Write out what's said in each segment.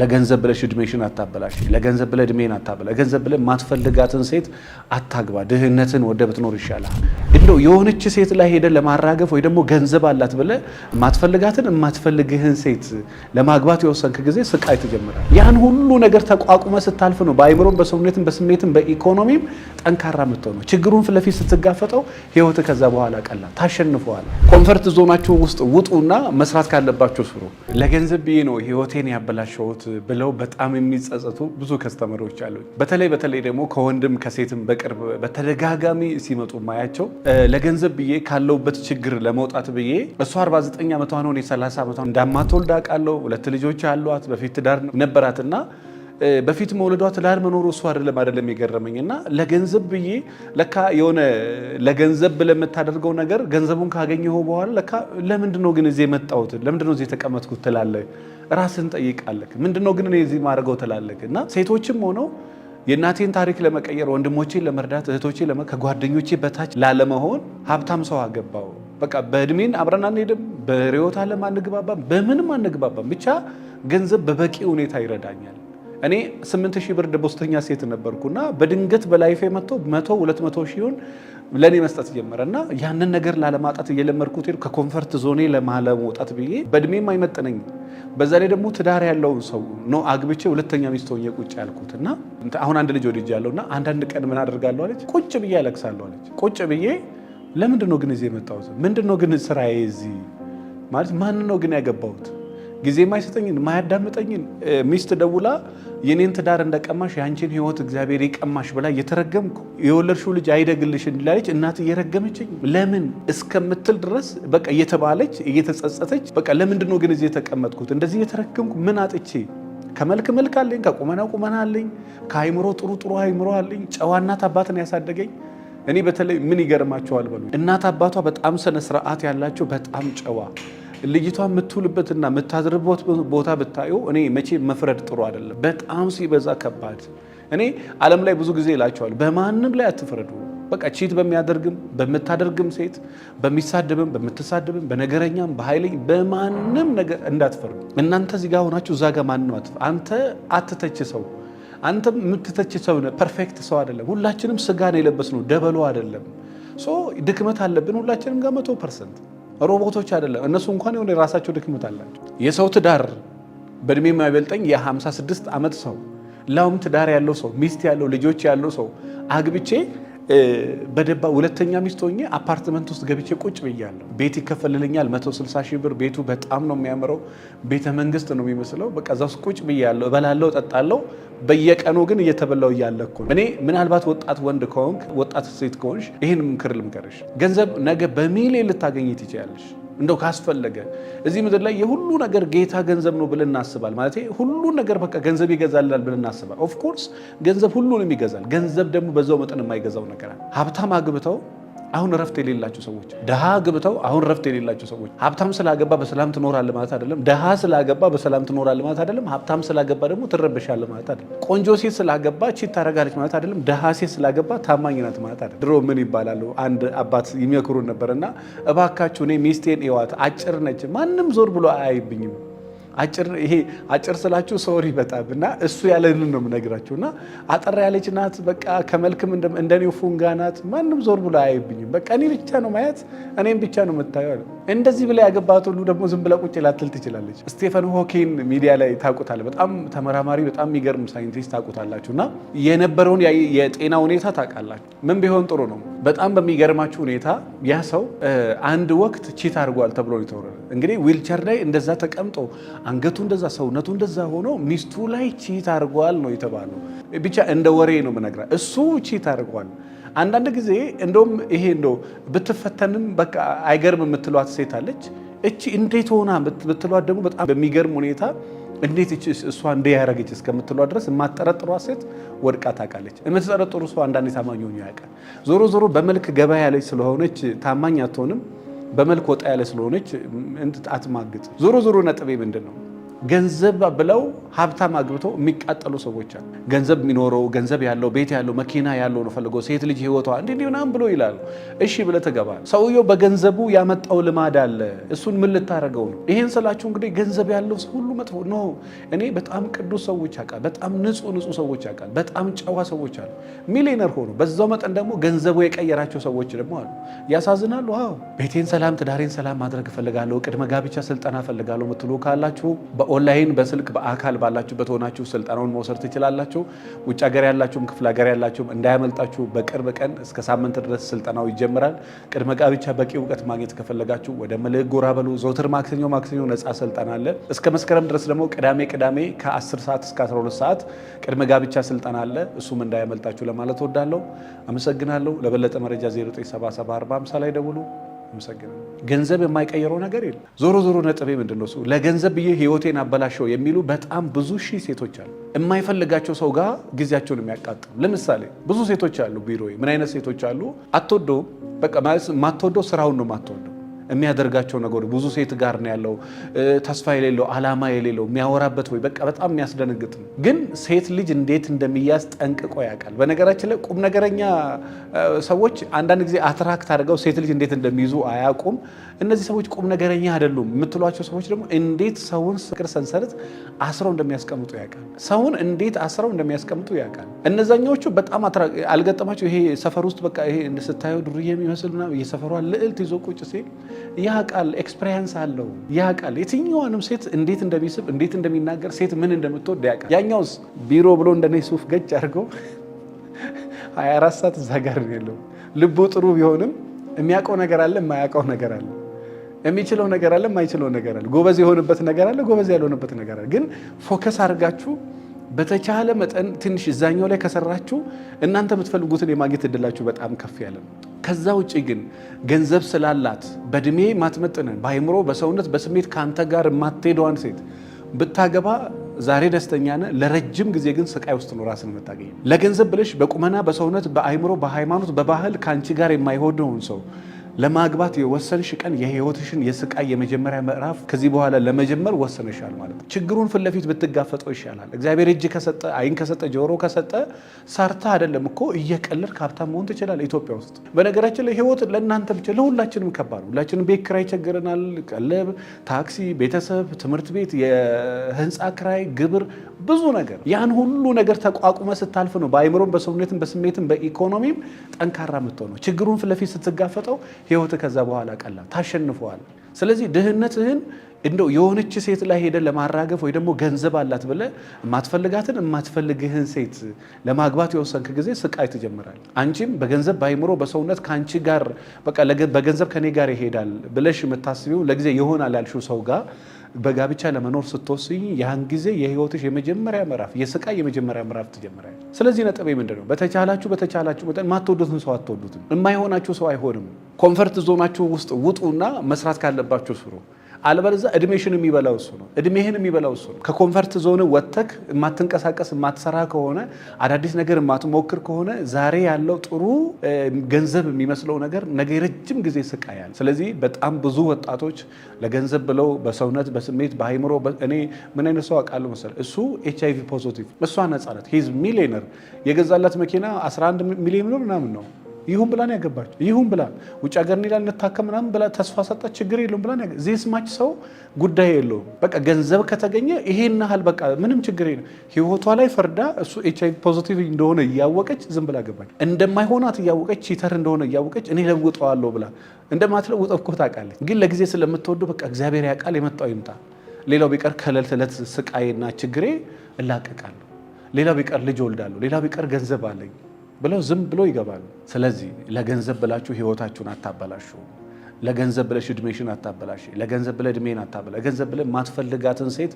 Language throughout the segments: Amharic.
ለገንዘብ ብለሽ እድሜሽን አታበላሽ። ለገንዘብ ብለ እድሜን አታበላ። ለገንዘብ ብለ ማትፈልጋትን ሴት አታግባ። ድህነትን ወደ ብትኖር ይሻላል። እንደው የሆነች ሴት ላይ ሄደ ለማራገፍ ወይ ደግሞ ገንዘብ አላት ብለ ማትፈልጋትን የማትፈልግህን ሴት ለማግባት የወሰንክ ጊዜ ስቃይ ትጀምራል። ያን ሁሉ ነገር ተቋቁመ ስታልፍ ነው በአይምሮም፣ በሰውነትም፣ በስሜትም፣ በኢኮኖሚም ጠንካራ የምትሆነው። ችግሩን ፊት ስትጋፈጠው ህይወት ከዛ በኋላ ቀላል ታሸንፈዋል። ኮንፈርት ዞናችሁ ውስጥ ውጡና መስራት ካለባችሁ ስሩ። ለገንዘብ ብዬ ነው ህይወቴን ያበላሸሁት ብለው በጣም የሚጸጸቱ ብዙ ከስተመሮች አሉ። በተለይ በተለይ ደግሞ ከወንድም ከሴትም በቅርብ በተደጋጋሚ ሲመጡ ማያቸው ለገንዘብ ብዬ ካለውበት ችግር ለመውጣት ብዬ እሷ 49 ዓመቷ ነው እኔ 30 ዓመቷ እንዳማትወልድ አውቃለሁ። ሁለት ልጆች አሏት። በፊት ትዳር ነበራትና በፊት መውለዷ ትዳር መኖሩ እሱ አይደለም አይደለም የገረመኝ እና ለገንዘብ ብዬ ለካ የሆነ ለገንዘብ ለምታደርገው ነገር ገንዘቡን ካገኘሁ በኋላ ለካ ለምንድነው ግን እዚህ የመጣሁት ለምንድነው እዚህ የተቀመጥኩት ትላለህ ራስን ጠይቃለክ። ምንድነው ግን እኔ እዚህ ማድረገው ትላለክ። እና ሴቶችም ሆነው የእናቴን ታሪክ ለመቀየር ወንድሞቼን ለመርዳት እህቶቼ ከጓደኞቼ በታች ላለመሆን ሀብታም ሰው አገባው በቃ በእድሜን አብረን አንሄድም፣ በርዕዮተ አለም አንግባባም፣ በምንም አንግባባም። ብቻ ገንዘብ በበቂ ሁኔታ ይረዳኛል። እኔ ስምንት ሺህ ብር ደቦስተኛ ሴት ነበርኩና በድንገት በላይፌ መጥቶ መቶ ሁለት መቶ ሺሁን ለእኔ መስጠት ጀመረ እና ያንን ነገር ላለማጣት እየለመድኩት ሄድኩ። ከኮንፈርት ዞኔ ለማለመውጣት ብዬ በእድሜም አይመጥነኝ በዛ ላይ ደግሞ ትዳር ያለውን ሰው ነው አግብቼ ሁለተኛ ሚስት ሆኜ ቁጭ ያልኩት እና አሁን አንድ ልጅ ያለው እና አንዳንድ ቀን ምን አደርጋለሁ አለች። ቁጭ ብዬ አለቅሳለሁ አለች። ቁጭ ብዬ ለምንድን ነው ግን እዚህ የመጣሁት? ምንድን ነው ግን ስራዬ እዚህ ማለት ማንን ነው ግን ያገባሁት? ጊዜ የማይሰጠኝን የማያዳምጠኝን ሚስት ደውላ የኔን ትዳር እንደቀማሽ የአንቺን ህይወት እግዚአብሔር የቀማሽ ብላ እየተረገምኩ የወለድሽው ልጅ አይደግልሽ እንዲላለች እናት እየረገመችኝ ለምን እስከምትል ድረስ በቃ እየተባለች እየተጸጸተች በቃ ለምንድን ነው ግን እዚህ የተቀመጥኩት? እንደዚህ እየተረገምኩ ምን አጥቼ ከመልክ መልክ አለኝ፣ ከቁመና ቁመና አለኝ፣ ከአይምሮ ጥሩ ጥሩ አይምሮ አለኝ። ጨዋ እናት አባትን ያሳደገኝ እኔ በተለይ ምን ይገርማቸዋል በሉ እናት አባቷ በጣም ስነ ስርዓት ያላቸው በጣም ጨዋ ልጅቷ የምትውልበትና የምታዝርበት ቦታ ብታዩ እኔ መቼ መፍረድ ጥሩ አይደለም። በጣም ሲበዛ ከባድ። እኔ ዓለም ላይ ብዙ ጊዜ ይላቸዋል፣ በማንም ላይ አትፍረዱ። በቃ ቺት በሚያደርግም በምታደርግም ሴት በሚሳደብም በምትሳደብም በነገረኛም በኃይለኝ በማንም ነገር እንዳትፈርዱ። እናንተ እዚህ ጋር ሆናችሁ እዛ ማን ነው አትፈ አንተ አትተች ሰው አንተ የምትተች ሰው ፐርፌክት ሰው አይደለም። ሁላችንም ስጋ ነው ደበሎ አይደለም። ድክመት አለብን ሁላችንም ጋር መቶ ፐርሰንት ሮቦቶች አይደለም። እነሱ እንኳን የሆነ የራሳቸው ድክመት አላቸው። የሰው ትዳር በእድሜ የማይበልጠኝ የ56 ዓመት ሰው ላውም ትዳር ያለው ሰው ሚስት ያለው ልጆች ያለው ሰው አግብቼ በደባ ሁለተኛ ሚስት ሆኜ አፓርትመንት ውስጥ ገብቼ ቁጭ ብያለሁ። ቤት ይከፈልልኛል 160 ሺህ ብር። ቤቱ በጣም ነው የሚያምረው። ቤተ መንግስት ነው የሚመስለው። በቃ እዛ ውስጥ ቁጭ ብያለሁ። እበላለሁ፣ እጠጣለሁ። በየቀኑ ግን እየተበላው እያለኩ እኔ ምናልባት ወጣት ወንድ ከሆንክ ወጣት ሴት ከሆንሽ ይህን ምክር ልምከርሽ፣ ገንዘብ ነገ በሚሊዮን ልታገኝ ትችያለሽ። እንደው ካስፈለገ እዚህ ምድር ላይ የሁሉ ነገር ጌታ ገንዘብ ነው ብለን እናስባል። ማለት ሁሉን ነገር በቃ ገንዘብ ይገዛልናል ብለን እናስባል። ኦፍኮርስ ገንዘብ ሁሉንም ይገዛል። ገንዘብ ደግሞ በዛው መጠን የማይገዛው ነገር አለ። ሀብታም አግብተው አሁን እረፍት የሌላቸው ሰዎች ድሃ ግብተው አሁን እረፍት የሌላቸው ሰዎች ሀብታም ስላገባ በሰላም ትኖራለህ ማለት አይደለም። ድሃ ስላገባ በሰላም ትኖራለህ ማለት አይደለም። ሀብታም ስላገባ ደግሞ ትረበሻለህ ማለት አይደለም። ቆንጆ ሴት ስላገባ ቺት ታደርጋለች ማለት አይደለም። ድሃ ሴት ስላገባ ታማኝ ናት ማለት አይደለም። ድሮ ምን ይባላሉ አንድ አባት ይመክሩን ነበርና እባካችሁ እኔ ሚስቴን እዋት አጭር ነች፣ ማንም ዞር ብሎ አያይብኝም አጭር ይሄ አጭር ስላችሁ ሶሪ በጣም እና እሱ ያለንን ነው የምነግራችሁ። እና አጠር ያለች ናት በቃ ከመልክም እንደኔ ፉንጋ ናት። ማንም ዞር ብሎ አያይብኝም። በቃ እኔ ብቻ ነው ማየት፣ እኔም ብቻ ነው የምታየው። እንደዚህ ብላ ያገባት ሁሉ ደግሞ ዝም ብላ ቁጭ ላትል ትችላለች። ስቴፈን ሆኪን ሚዲያ ላይ ታውቁታለ። በጣም ተመራማሪ፣ በጣም የሚገርም ሳይንቲስት ታውቁታላችሁ። እና የነበረውን የጤና ሁኔታ ታውቃላችሁ። ምን ቢሆን ጥሩ ነው በጣም በሚገርማችሁ ሁኔታ ያ ሰው አንድ ወቅት ቺት አድርጓል ተብሎ ሊተወረ እንግዲህ ዊልቸር ላይ እንደዛ ተቀምጦ አንገቱ እንደዛ ሰውነቱ እንደዛ ሆኖ ሚስቱ ላይ ቺት አድርጓል ነው የተባለው። ብቻ እንደ ወሬ ነው ምነግራ እሱ ቺት አድርጓል። አንዳንድ ጊዜ እንደውም ይሄ እንደው ብትፈተንም በቃ አይገርም የምትሏት ሴት አለች። እቺ እንዴት ሆና ብትሏት ደግሞ በጣም በሚገርም ሁኔታ እንዴት እሷ እንደ ያደረገች እስከምትሏ ድረስ የማትጠረጥሯ ሴት ወድቃ ታውቃለች። የምትጠረጥሩ ሰው አንዳንዴ ታማኝ ሆኖ ያውቃል። ዞሮ ዞሮ በመልክ ገባ ያለች ስለሆነች ታማኝ አትሆንም። በመልክ ወጣ ያለ ስለሆነች አትማግጥ። ዞሮ ዞሮ ነጥቤ ምንድን ነው? ገንዘብ ብለው ሀብታም አግብተው የሚቃጠሉ ሰዎች አሉ። ገንዘብ የሚኖረው ገንዘብ ያለው ቤት ያለው መኪና ያለው ነው ፈልገው ሴት ልጅ ህይወቷ እንዲህ ምናምን ብሎ ይላሉ። እሺ ብለህ ትገባለህ። ሰውየው በገንዘቡ ያመጣው ልማድ አለ። እሱን ምን ልታደርገው ነው? ይሄን ስላችሁ እንግዲህ ገንዘብ ያለው ሰው ሁሉ መጥፎ ኖ። እኔ በጣም ቅዱስ ሰዎች ያውቃል፣ በጣም ንጹህ ንጹህ ሰዎች ያውቃል፣ በጣም ጨዋ ሰዎች አሉ፣ ሚሊነር ሆኑ። በዛው መጠን ደግሞ ገንዘቡ የቀየራቸው ሰዎች ደግሞ አሉ። ያሳዝናሉ። ቤቴን ሰላም፣ ትዳሬን ሰላም ማድረግ እፈልጋለሁ፣ ቅድመ ጋብቻ ስልጠና እፈልጋለሁ ምትሉ ካላችሁ ኦንላይን በስልክ በአካል ባላችሁበት ሆናችሁ ስልጠናውን መውሰድ ትችላላችሁ። ውጭ ሀገር ያላችሁም ክፍለ ሀገር ያላችሁም እንዳያመልጣችሁ። በቅርብ ቀን እስከ ሳምንት ድረስ ስልጠናው ይጀምራል። ቅድመ ጋብቻ በቂ እውቀት ማግኘት ከፈለጋችሁ ወደ መልሕቅ ጎራ በሉ። ዘውትር ማክሰኞ ማክሰኞ ነፃ ስልጠና አለ። እስከ መስከረም ድረስ ደግሞ ቅዳሜ ቅዳሜ ከ10 ሰዓት እስከ 12 ሰዓት ቅድመ ጋብቻ ስልጠና አለ። እሱም እንዳያመልጣችሁ ለማለት ወዳለሁ። አመሰግናለሁ። ለበለጠ መረጃ 0974 ላይ ደውሉ። አመሰግናለሁ። ገንዘብ የማይቀይረው ነገር የለም። ዞሮ ዞሮ ነጥቤ ምንድን ነው? ለገንዘብ ብዬ ህይወቴን አበላሸው የሚሉ በጣም ብዙ ሺህ ሴቶች አሉ። የማይፈልጋቸው ሰው ጋር ጊዜያቸውን የሚያቃጥሉ ለምሳሌ ብዙ ሴቶች አሉ። ቢሮ ምን አይነት ሴቶች አሉ? አትወደውም። በቃ ማለት የማትወደው ስራውን ነው የማትወደው የሚያደርጋቸው ነገሮች ብዙ ሴት ጋር ነው ያለው። ተስፋ የሌለው አላማ የሌለው የሚያወራበት ወይ በቃ በጣም የሚያስደነግጥ ነው። ግን ሴት ልጅ እንዴት እንደሚያዝ ጠንቅቆ ያውቃል። በነገራችን ላይ ቁም ነገረኛ ሰዎች አንዳንድ ጊዜ አትራክት አድርገው ሴት ልጅ እንዴት እንደሚይዙ አያውቁም። እነዚህ ሰዎች ቁም ነገረኛ አይደሉም የምትሏቸው ሰዎች ደግሞ እንዴት ሰውን ፍቅር ሰንሰለት አስረው እንደሚያስቀምጡ ያውቃል። ሰውን እንዴት አስረው እንደሚያስቀምጡ ያውቃል። እነዛኛዎቹ በጣም አልገጠማቸው። ይሄ ሰፈር ውስጥ በቃ ይሄ ስታየው ዱርዬ የሚመስል የሰፈሯ ልዕልት ይዞ ቁጭ ሲል ያ ቃል ኤክስፔሪንስ አለው። ያ ቃል የትኛዋንም ሴት እንዴት እንደሚስብ እንዴት እንደሚናገር ሴት ምን እንደምትወድ ያውቃል። ያኛውስ ቢሮ ብሎ እንደኔ ሱፍ ገጭ አድርገው 24 ሰዓት እዛ ጋር ነው ያለው። ልቡ ጥሩ ቢሆንም የሚያውቀው ነገር አለ፣ የማያውቀው ነገር አለ፣ የሚችለው ነገር አለ፣ የማይችለው ነገር አለ፣ ጎበዝ የሆንበት ነገር አለ፣ ጎበዝ ያልሆንበት ነገር አለ። ግን ፎከስ አድርጋችሁ በተቻለ መጠን ትንሽ እዛኛው ላይ ከሰራችሁ እናንተ የምትፈልጉትን የማግኘት እድላችሁ በጣም ከፍ ያለ ነው። ከዛ ውጭ ግን ገንዘብ ስላላት በእድሜ ማትመጥንን በአይምሮ በሰውነት በስሜት ከአንተ ጋር የማትሄደዋን ሴት ብታገባ ዛሬ ደስተኛ ነህ፣ ለረጅም ጊዜ ግን ስቃይ ውስጥ ነው ራስን የምታገኘው። ለገንዘብ ብለሽ በቁመና በሰውነት በአይምሮ በሃይማኖት በባህል ከአንቺ ጋር የማይሆነውን ሰው ለማግባት የወሰንሽ ቀን የህይወትሽን የስቃይ የመጀመሪያ ምዕራፍ ከዚህ በኋላ ለመጀመር ወሰንሻል ማለት ነው። ችግሩን ፊት ለፊት ብትጋፈጠው ይሻላል። እግዚአብሔር እጅ ከሰጠ፣ አይን ከሰጠ፣ ጆሮ ከሰጠ ሰርታ አይደለም እኮ እየቀለድ ሀብታም መሆን ትችላል። ኢትዮጵያ ውስጥ በነገራችን ላይ ህይወት ለእናንተ ብቻ ለሁላችንም ከባድ ነው። ሁላችንም ቤት ኪራይ ይቸግረናል። ቀለብ፣ ታክሲ፣ ቤተሰብ፣ ትምህርት ቤት፣ የህንፃ ክራይ፣ ግብር፣ ብዙ ነገር ያን ሁሉ ነገር ተቋቁመ ስታልፍ ነው በአይምሮም በሰውነትም በስሜትም በኢኮኖሚም ጠንካራ የምትሆነው። ችግሩን ፊት ለፊት ስትጋፈጠው ህይወት ከዛ በኋላ ቀላል ታሸንፈዋል። ስለዚህ ድህነትህን እንደው የሆነች ሴት ላይ ሄደ ለማራገፍ ወይ ደግሞ ገንዘብ አላት ብለ የማትፈልጋትን የማትፈልግህን ሴት ለማግባት የወሰንክ ጊዜ ስቃይ ትጀምራል። አንቺም በገንዘብ ባይምሮ በሰውነት ከአንቺ ጋር በቃ በገንዘብ ከኔ ጋር ይሄዳል ብለሽ የምታስቢው ለጊዜ ይሆናል ያልሽው ሰው ጋር በጋብቻ ለመኖር ስትወስኝ ያን ጊዜ የህይወትሽ የመጀመሪያ ምዕራፍ የስቃይ የመጀመሪያ ምዕራፍ ትጀምራል። ስለዚህ ነጥቤ ምንድን ነው? በተቻላችሁ በተቻላችሁ መጠን ማትወዱትን ሰው አትወዱትም። የማይሆናችሁ ሰው አይሆንም። ኮንፈርት ዞናችሁ ውስጥ ውጡና መስራት ካለባችሁ ስሩ። አለበለዚያ እድሜሽን የሚበላው እሱ ነው። እድሜህን የሚበላው እሱ ነው። ከኮንፈርት ዞን ወጥተክ የማትንቀሳቀስ የማትሰራ ከሆነ አዳዲስ ነገር የማትሞክር ከሆነ ዛሬ ያለው ጥሩ ገንዘብ የሚመስለው ነገር ነገ የረጅም ጊዜ ስቃያል። ስለዚህ በጣም ብዙ ወጣቶች ለገንዘብ ብለው በሰውነት፣ በስሜት፣ በሃይምሮ እኔ ምን አይነት ሰው አውቃለሁ መሰለህ? እሱ ኤች አይቪ ፖዚቲቭ፣ እሷ ነጻነት ሂዝ ሚሊዮነር የገዛላት መኪና 11 ሚሊዮን ምናምን ነው ይሁን ብላን ነው ይሁን ብላ ውጭ ሀገር ኒላ እንታከም ምናምን ብላ ተስፋ ሰጠ። ችግር የለውም ብላ ዚህ ስማች ሰው ጉዳይ የለውም በቃ ገንዘብ ከተገኘ ይሄን ያህል በቃ ምንም ችግር የለም። ህይወቷ ላይ ፈርዳ እሱ ኤች አይ ቪ ፖዚቲቭ እንደሆነ እያወቀች ዝም ብላ ገባች። እንደማይሆናት እያወቀች ቺተር እንደሆነ እያወቀች እኔ ለውጠዋለሁ ብላ እንደማትለውጠው እኮ ታውቃለች። ግን ለጊዜ ስለምትወዱ በቃ እግዚአብሔር ያውቃል፣ የመጣው ይምጣ። ሌላው ቢቀር ከዕለት ዕለት ስቃይና ችግሬ እላቀቃለሁ። ሌላው ቢቀር ልጅ ወልዳለሁ። ሌላው ቢቀር ገንዘብ አለኝ ብለው ዝም ብሎ ይገባል ስለዚህ ለገንዘብ ብላችሁ ህይወታችሁን አታበላሹ። ለገንዘብ ብለሽ እድሜሽን አታበላሽ። ለገንዘብ ብለ እድሜን አታበላ። ለገንዘብ ብለ ማትፈልጋትን ሴት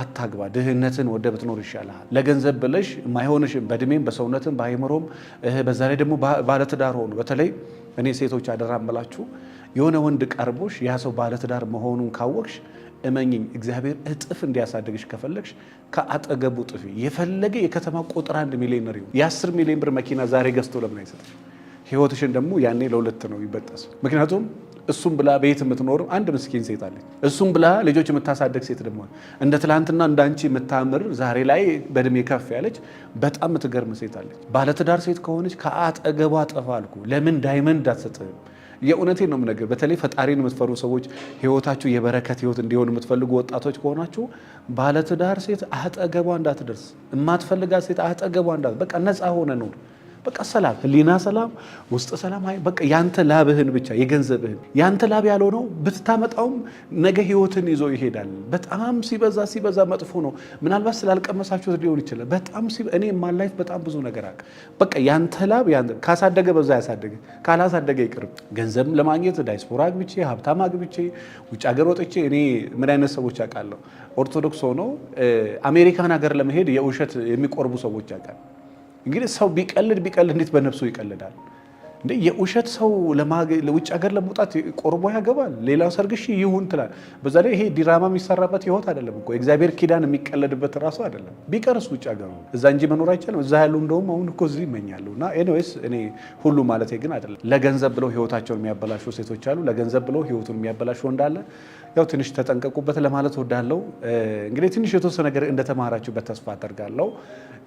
አታግባ። ድህነትን ወደ ብትኖር ይሻልሃል። ለገንዘብ ብለሽ የማይሆንሽን በእድሜም በሰውነትም በአይምሮም በዛ ላይ ደግሞ ባለትዳር ሆኑ። በተለይ እኔ ሴቶች አደራ እምላችሁ የሆነ ወንድ ቀርቦሽ ያ ሰው ባለትዳር መሆኑን ካወቅሽ እመኝኝ እግዚአብሔር እጥፍ እንዲያሳድግሽ ከፈለግሽ ከአጠገቡ ጥፊ። የፈለገ የከተማ ቁጥር አንድ ሚሊዮነር ይሁን የአስር ሚሊዮን ብር መኪና ዛሬ ገዝቶ ለምን አይሰጥሽ? ህይወትሽን ደግሞ ያኔ ለሁለት ነው ይበጠስ። ምክንያቱም እሱም ብላ ቤት የምትኖር አንድ ምስኪን ሴት አለች። እሱም ብላ ልጆች የምታሳደግ ሴት ደግሞ እንደ ትላንትና እንዳንቺ የምታምር ዛሬ ላይ በእድሜ ከፍ ያለች በጣም የምትገርም ሴት አለች። ባለትዳር ሴት ከሆነች ከአጠገቧ ጠፋ አልኩ። ለምን ዳይመንድ አትሰጥህም? የእውነቴን ነው የምነግር። በተለይ ፈጣሪን የምትፈሩ ሰዎች ህይወታችሁ የበረከት ህይወት እንዲሆን የምትፈልጉ ወጣቶች ከሆናችሁ ባለትዳር ሴት አጠገቧ እንዳትደርስ፣ የማትፈልጋት ሴት አጠገቧ እንዳት በቃ ነፃ ሆነ ኑር። በቃ ሰላም፣ ህሊና ሰላም፣ ውስጥ ሰላም። በቃ ያንተ ላብህን ብቻ የገንዘብህን ያንተ ላብ ያልሆነው ብትታመጣውም ነገ ህይወትን ይዞ ይሄዳል። በጣም ሲበዛ ሲበዛ መጥፎ ነው። ምናልባት ስላልቀመሳችሁት ሊሆን ይችላል። በጣም እኔ ማላይፍ በጣም ብዙ ነገር አቅ በቃ ያንተ ላብ ካሳደገ በዛ ያሳደገ ካላሳደገ ይቅርብ። ገንዘብ ለማግኘት ዳይስፖራ አግብቼ ሀብታም አግብቼ ውጭ ሀገር ወጥቼ እኔ ምን አይነት ሰዎች አውቃለሁ። ኦርቶዶክስ ሆኖ አሜሪካን ሀገር ለመሄድ የውሸት የሚቆርቡ ሰዎች አውቃለሁ። እንግዲህ ሰው ቢቀልድ ቢቀልድ እንዴት በነፍሱ ይቀልዳል? እንዴ የውሸት ሰው ውጭ ሀገር ለመውጣት ቆርቦ ያገባል፣ ሌላ ሰርግሽ ይሁን ትላል። በዛ ላይ ይሄ ዲራማ የሚሰራበት ህይወት አይደለም እኮ እግዚአብሔር ኪዳን የሚቀለድበት ራሱ አይደለም። ቢቀርስ ውጭ ሀገር ነው፣ እዛ እንጂ መኖር አይቻልም። እዛ ያሉ እንደውም አሁን እኮ እዚህ ይመኛሉ። እና ኤኒዌይስ እኔ ሁሉ ማለት ግን አይደለም። ለገንዘብ ብለው ህይወታቸውን የሚያበላሹ ሴቶች አሉ፣ ለገንዘብ ብለው ህይወቱን የሚያበላሹ እንዳለ ያው ትንሽ ተጠንቀቁበት ለማለት ወዳለው እንግዲህ ትንሽ የተወሰነ ነገር እንደተማራችሁበት ተስፋ አደርጋለሁ።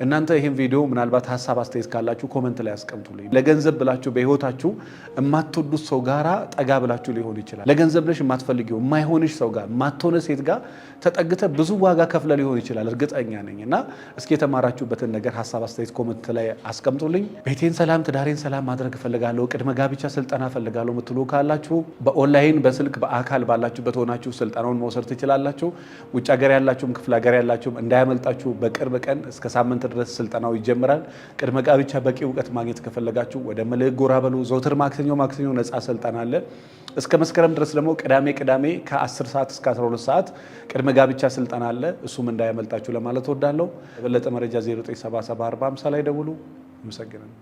እናንተ ይህን ቪዲዮ ምናልባት ሀሳብ አስተያየት ካላችሁ ኮመንት ላይ አስቀምጡልኝ። ለገንዘብ ብላችሁ በህይወታችሁ የማትወዱት ሰው ጋር ጠጋ ብላችሁ ሊሆን ይችላል። ለገንዘብ ብለሽ የማትፈልጊው የማይሆንሽ ሰው ጋር ማትሆነ ሴት ጋር ተጠግተ ብዙ ዋጋ ከፍለ ሊሆን ይችላል እርግጠኛ ነኝ። እና እስኪ የተማራችሁበትን ነገር ሀሳብ፣ አስተያየት ኮመንት ላይ አስቀምጡልኝ። ቤቴን ሰላም፣ ትዳሬን ሰላም ማድረግ እፈልጋለሁ፣ ቅድመ ጋብቻ ስልጠና እፈልጋለሁ የምትሉ ካላችሁ በኦንላይን በስልክ በአካል ባላችሁበት ሆናችሁ ስልጠናውን መውሰድ ትችላላችሁ። ውጭ ሀገር ያላችሁም ክፍለ ሀገር ያላችሁም እንዳያመልጣችሁ። በቅርብ ቀን እስከ ሳምንት ድረስ ስልጠናው ይጀምራል። ቅድመ ጋብቻ በቂ እውቀት ማግኘት ከፈለጋችሁ ወደ መልሕቅ ጎራ በሉ። ዘውትር ማክሰኞ ማክሰኞ ነፃ ስልጠና አለ። እስከ መስከረም ድረስ ደግሞ ቅዳሜ ቅዳሜ ከ10 ሰዓት እስከ 12 ሰዓት ቅድመ ጋብቻ ስልጠና አለ። እሱም እንዳያመልጣችሁ ለማለት ወዳለው የበለጠ መረጃ 0974 ላይ ደውሉ። አመሰግናለሁ።